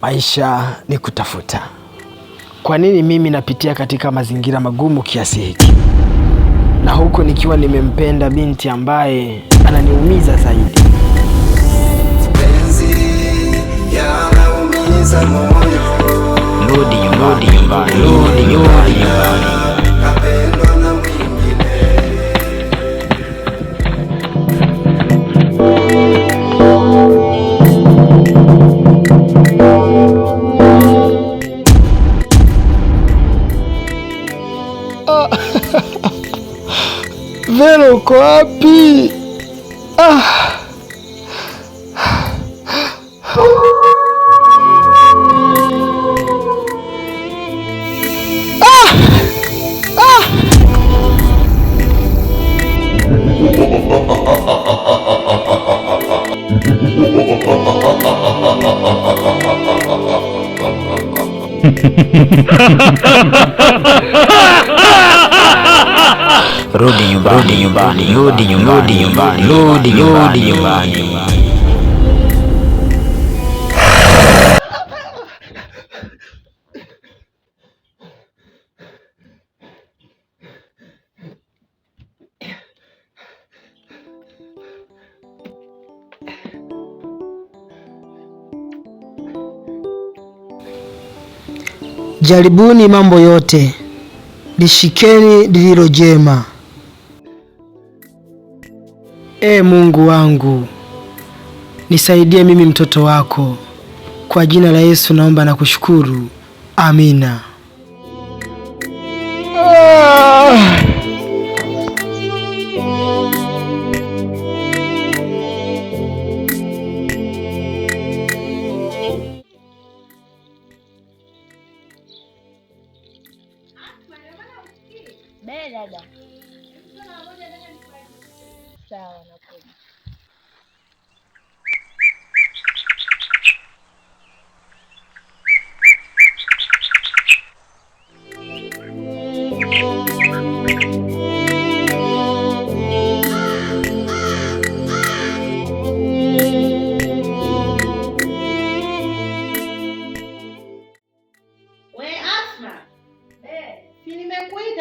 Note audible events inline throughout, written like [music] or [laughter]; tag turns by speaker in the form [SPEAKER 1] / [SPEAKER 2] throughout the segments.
[SPEAKER 1] Maisha ni kutafuta. Kwa nini mimi napitia katika mazingira magumu kiasi hiki, na huku nikiwa nimempenda binti ambaye ananiumiza zaidi?
[SPEAKER 2] Rudi nyumbani, rudi nyumbani, rudi nyumbani.
[SPEAKER 1] uko wapi? Ah. Ah. Ah.
[SPEAKER 2] [laughs] [laughs] Rudi nyumbani, rudi nyumbani, rudi nyumbani, rudi nyumbani.
[SPEAKER 1] Jaribuni mambo yote, lishikeni lililo jema. Ee Mungu wangu, nisaidie mimi mtoto wako. Kwa jina la Yesu naomba na kushukuru. Amina.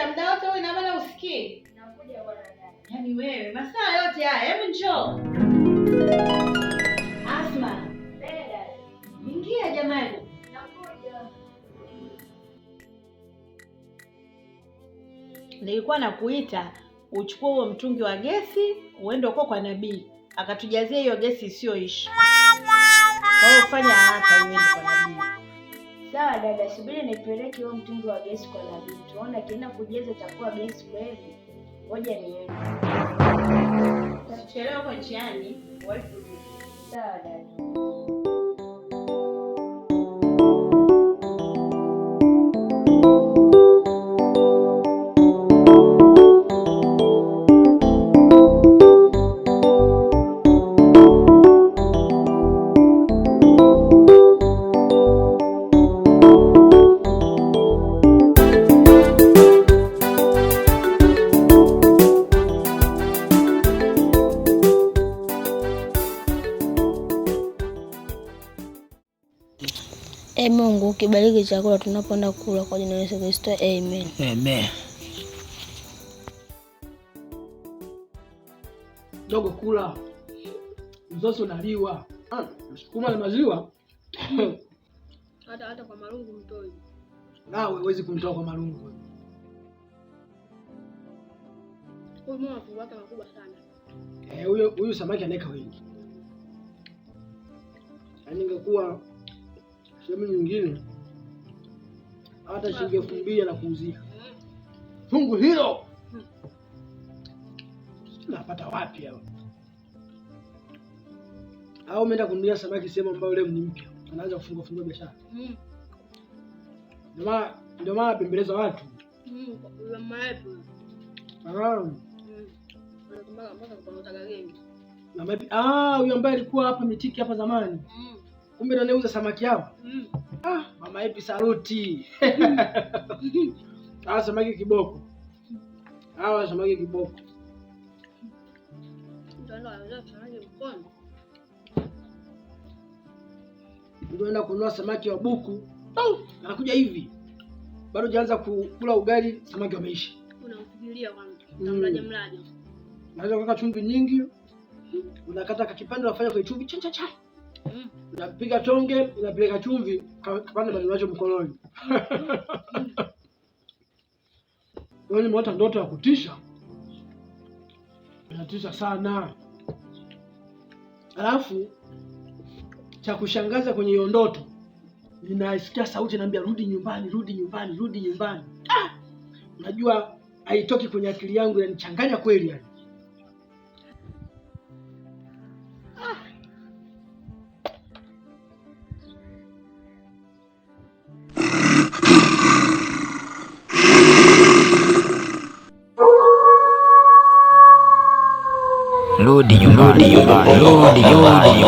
[SPEAKER 3] unapita muda wote wewe na maana usikii.
[SPEAKER 4] Nakuja bwana dada.
[SPEAKER 3] Yaani wewe masaa yote haya, hebu njoo. Asma. Dada. Ingia jamani.
[SPEAKER 4] Nakuja.
[SPEAKER 3] Nilikuwa nakuita uchukue huo mtungi wa gesi uende uko kwa Nabii akatujazie hiyo gesi isiyoishi. Wewe fanya haraka uende kwa Nabii.
[SPEAKER 4] Sawa dada, subiri nipeleke huo mtungi wa gesi kwa Nabii, tuone akienda kujeza itakuwa gesi kweli. Ngoja niende,
[SPEAKER 3] utachelewa kwa njiani.
[SPEAKER 4] Sawa dada.
[SPEAKER 5] tubariki chakula tunapoenda kula kwa jina la Yesu Kristo. Amen.
[SPEAKER 6] Amen.
[SPEAKER 7] Dogo kula mzozo naliwa sukuma na maziwa
[SPEAKER 8] hata hata kwa marungu mtoi
[SPEAKER 7] nawe huwezi kumtoa kwa marungu eh, huyo. Huyu samaki anaweka wengi, yaani ingekuwa sehemu nyingine hata shilingi elfu mbili anakuuzia fungu hilo, napata wapi hao? Au umeenda kumlia samaki sehemu ambayo yule ni mpya, anaanza kufungua fungua biashara. Ndio maana apembeleza watu huyo ambaye alikuwa hapa mitiki hapa zamani. Mm kumbe ndo niuza samaki hao. Mm. Ah, mama yepi saruti mm. [laughs] Hawa samaki kiboko. Hawa samaki kiboko. Unaenda kununua samaki wa buku. Oh, anakuja hivi. Bado hujaanza kula ugali, samaki wameisha.
[SPEAKER 8] Unamfikiria kwanza. Utamlaje mm. mlaje.
[SPEAKER 7] Unaweza kuweka chumvi nyingi. Mm. Unakata kakipande unafanya kwa chumvi cha cha cha. Mm. Napiga tonge, inapeleka chumvi, kapanda macho mkononi. Leo [laughs] nimeota yaani ndoto ya kutisha, inatisha sana. Alafu cha kushangaza kwenye hiyo ndoto, ninasikia sauti naambia rudi nyumbani, rudi nyumbani, rudi nyumbani. Ah! Unajua haitoki kwenye akili yangu, inanichanganya kweli yani.
[SPEAKER 2] rudi nyumbani, rudi nyumbani.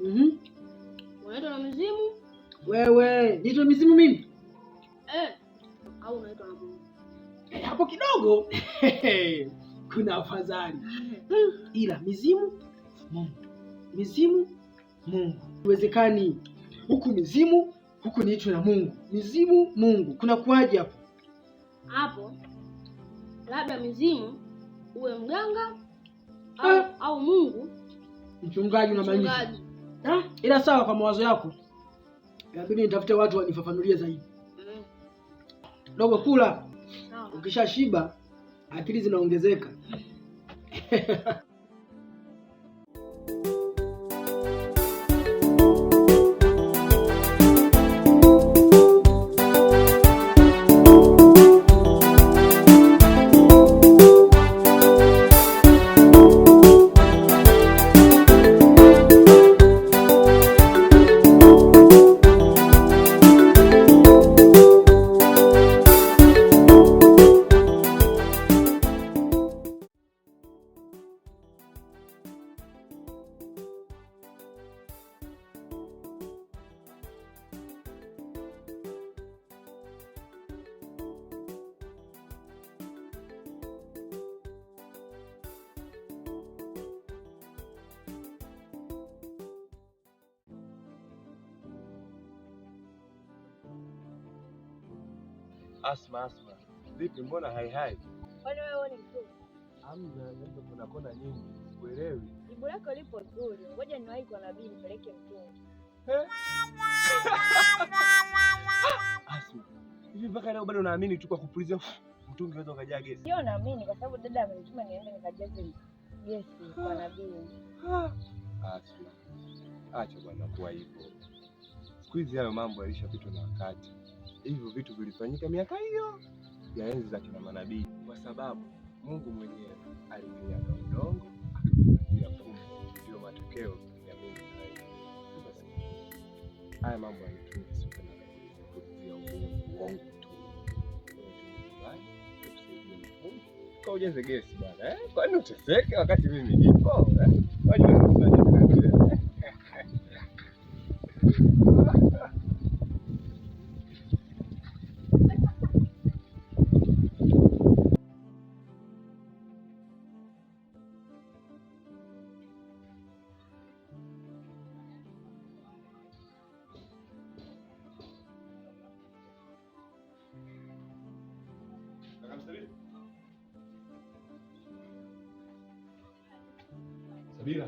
[SPEAKER 7] Mm-hmm. Wewe nitwa mizimu mimi eh? eh? kidogo [laughs] kuna afadhali, eh. ila mizimu Mungu mm mizimu Mungu. Iwezekani huku mizimu huku niitwe na Mungu, mizimu Mungu, kuna kuwaje hapo
[SPEAKER 8] hapo? Labda mizimu uwe mganga au, ah. au Mungu
[SPEAKER 7] mchungaji, unamaanisha? Ila sawa, kwa mawazo yako inabidi nitafute watu wanifafanulie zaidi. Mm. Dogo, kula ukisha shiba, akili zinaongezeka. [laughs]
[SPEAKER 9] Asma, Asma, vipi, mbona hai hai?
[SPEAKER 10] Kwani wewe ni mtu?
[SPEAKER 9] Hamna, ndio kuna kona nyingi, sikuelewi.
[SPEAKER 10] Jibu lako lipo zuri, ngoja niwahi kwa nabii nipeleke mtungi. Eh? Ah,
[SPEAKER 9] Asma, hivi mpaka leo bado unaamini tu kwa kupuliza mtungi unaweza ukajaa gesi?
[SPEAKER 10] Sio, naamini kwa sababu dada amenituma niende nikajaze gesi kwa nabii. Ah,
[SPEAKER 9] Asma, acha bwana kuwa hivyo, siku hizi hayo mambo yalishapitwa na wakati hivyo vitu vilifanyika miaka hiyo ya enzi za kina manabii, kwa sababu Mungu mwenyewe aliunyanga udongo akakupatia pumzi, ndio matokeo ya mengi haya mambo Ujenze gesi bwana eh? Kwani uteseke wakati mimi nipo eh?
[SPEAKER 11] Sabina. Sabina.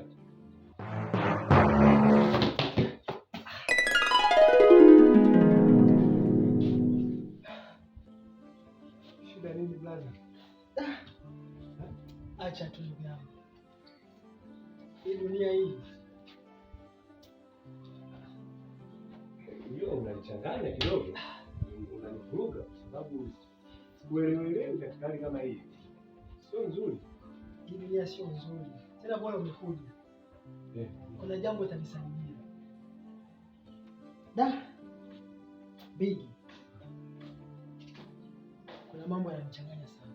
[SPEAKER 7] moyo umekuja, eh. kuna jambo itanisaidia. Da Bigi, kuna mambo yananichanganya sana,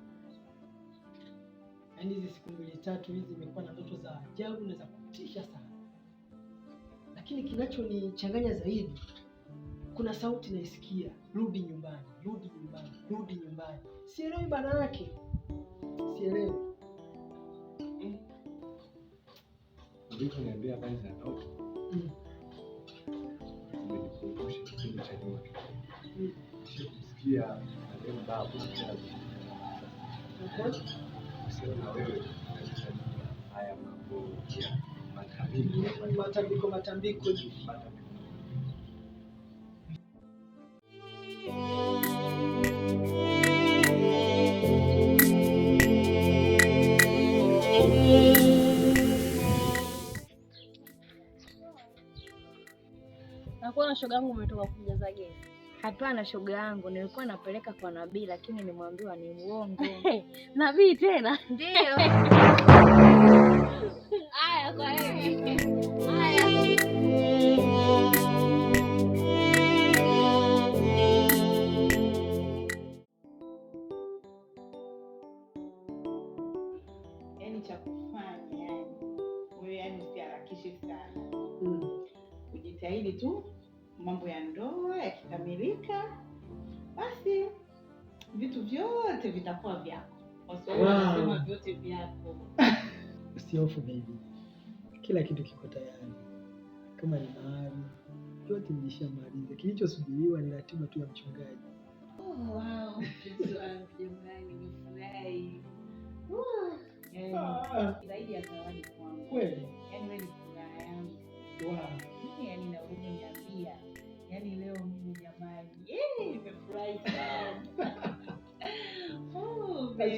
[SPEAKER 7] yaani hizi siku mbili tatu hizi zimekuwa na ndoto za ajabu na za kutisha sana, lakini kinachonichanganya zaidi kuna sauti naisikia, rudi nyumbani, rudi nyumbani, rudi nyumbani. Sielewi maana yake, sielewi.
[SPEAKER 11] ulivyoniambia habari za ndoto umenikumbusha mm. kipindi cha nyuma, kumsikia babu kuhusiana wewe haya mambo ya matambiko
[SPEAKER 7] mm, matambiko matambiko
[SPEAKER 12] shoga yangu umetoka kujaza gesi?
[SPEAKER 13] Hapana shoga yangu, nilikuwa napeleka kwa Nabii lakini nimwambiwa ni uongo.
[SPEAKER 12] [laughs] Nabii tena? Ndio. [laughs] Haya, kwa hiyo.
[SPEAKER 14] Yaani kufanya yaani, yaani sana, hmm. tu mambo ya ndoa yakikamilika, basi vitu vyote vitakuwa vyako. wow. Vyote vyako
[SPEAKER 15] usihofu [laughs] baby, kila kitu kiko tayari kama ni mahali yote mlishamaliza. Kilichosubiriwa ni ratiba tu ya mchungaji.
[SPEAKER 14] Oh, wow.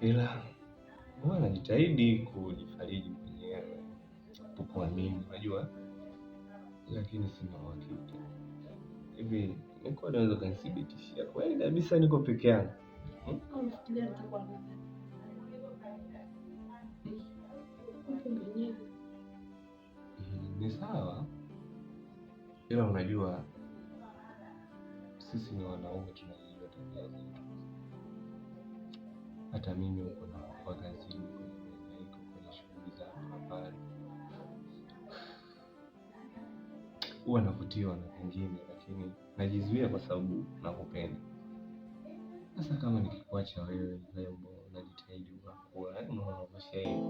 [SPEAKER 16] ila huwa najitahidi kujifariji mwenyewe kukuamini, unajua, lakini sina uhakika. Hivi niko unaweza ukanithibitishia kweli kabisa niko peke yangu? Hmm, ni sawa, ila unajua sisi ni wanaume tuna Hata mimi huko napokuwa kazini, kwenye kwenye shughuli za habari, huwa navutiwa na pengine, lakini najizuia kwa sababu nakupenda. Sasa kama nikikuacha wewe, leo najitahidi unakuwa unaogosha hivi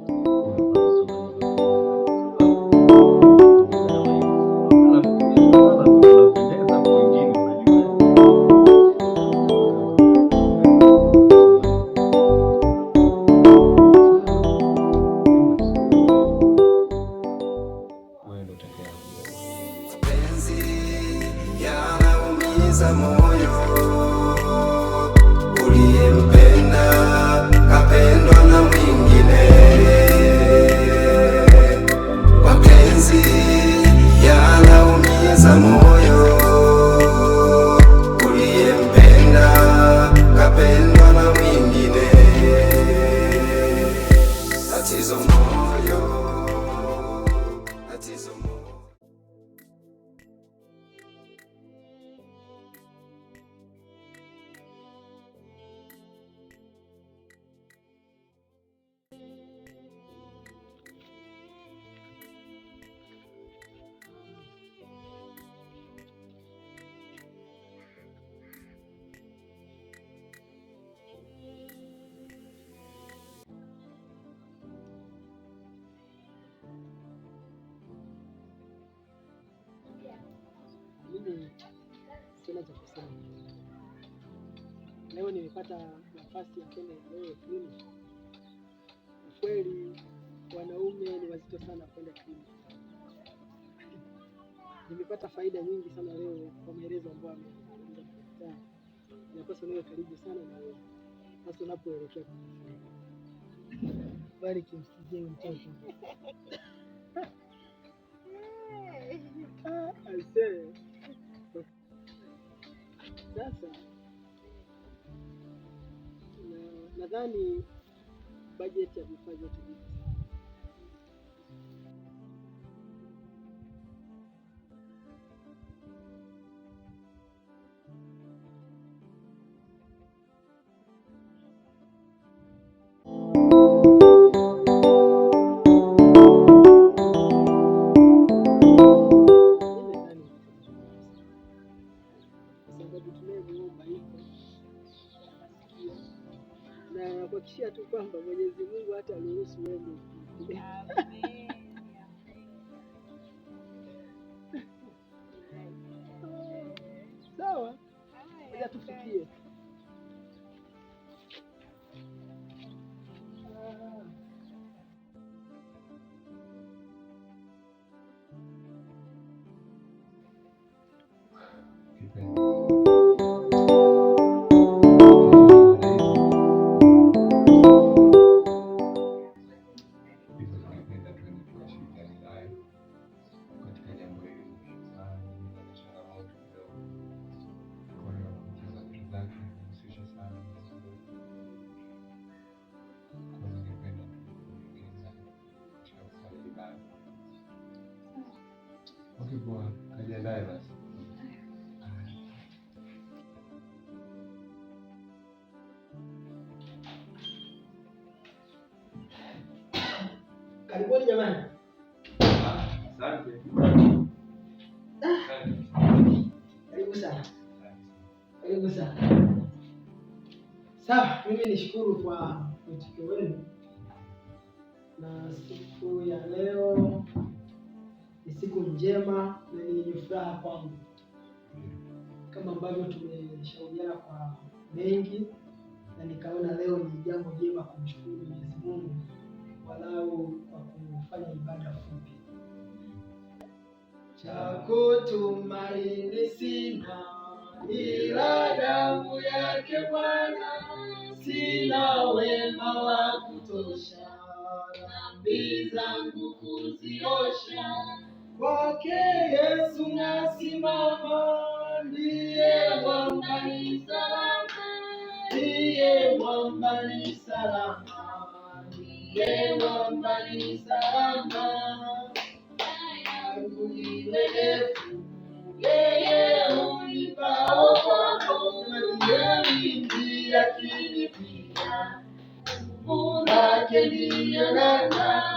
[SPEAKER 7] Leo nimepata nafasi ya kwenda na wewe kliniki. Ukweli wanaume ni wazito sana kwenda kliniki. Nimepata faida nyingi sana leo kwa maelezo ambayo amezungumza daktari. Napaswa niwe karibu sana na wewe hasa unapoelekea. Bariki msijeni mtoto. Nadhani bajeti ya vifaa vyote nakuhakikishia tu kwamba Mwenyezi Mungu hata ruhusu wewe. Amen. kweli jamani.
[SPEAKER 17] Ah, asante.
[SPEAKER 7] Ah, karibu sana. Karibu sana. Sawa, mimi nishukuru kwa mwitikio wenu, na siku ya leo ni siku njema na yenye furaha kwangu, kama ambavyo tumeshauriana kwa mengi, na nikaona leo ni jambo jema kumshukuru Mwenyezi Mungu walau kwa kufanya ibada fupi.
[SPEAKER 18] Chako tumaini sina, ila damu yake Bwana, sina wema wa kutosha, dhambi zangu kuziosha, kwake Yesu nasimama, ndiye mwamba ni salama, ndiye mwamba ni salama tena mbali sana yangu mirefu, yeye ni nana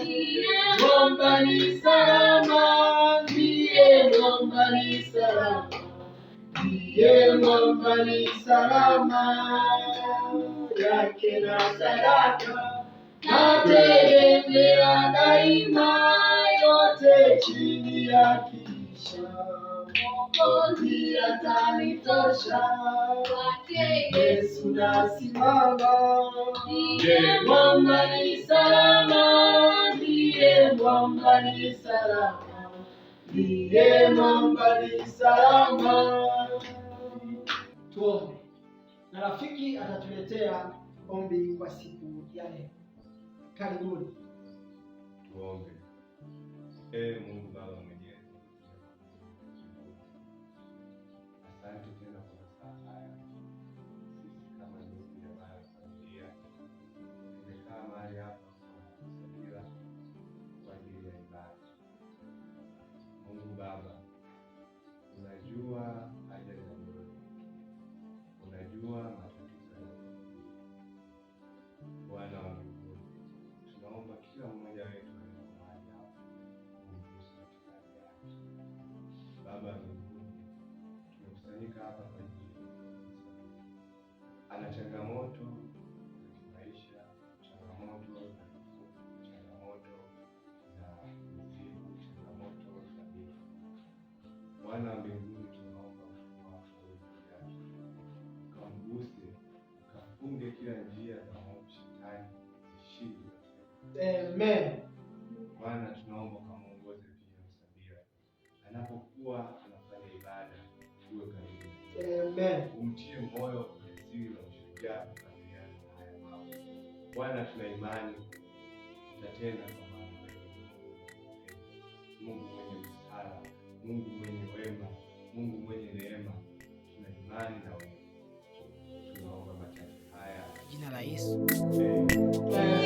[SPEAKER 18] ndiye mwamba ni salama, ndiye mwamba ni salama, ndiye mwamba ni salama yake na sadaka, nategemea daima, yote chini ya kisha Mwokozi atanitosha kwake Yesu nasimama, ndiye mwamba ni salama, ndiye mwamba ni salama, ndiye mwamba ni salama.
[SPEAKER 7] Tuombe na rafiki atatuletea ombi kwa siku ya leo. Karibuni
[SPEAKER 19] tuombe. Ee Mungu Baba mwenyezi, asante tena kwa saa haya Amen. Bwana, tunaomba kamuongoze pia Msabira anapokuwa anafanya ibada, uwe karibu. Amen. Umtie moyo ujasiri na ushujaa kukabiliana na haya mambo. Bwana, tuna imani tena kwa maana Mungu mwenye msara, Mungu mwenye wema, Mungu mwenye neema, tuna imani na wewe. Tunaomba mataifa haya jina
[SPEAKER 7] la Yesu. Amen.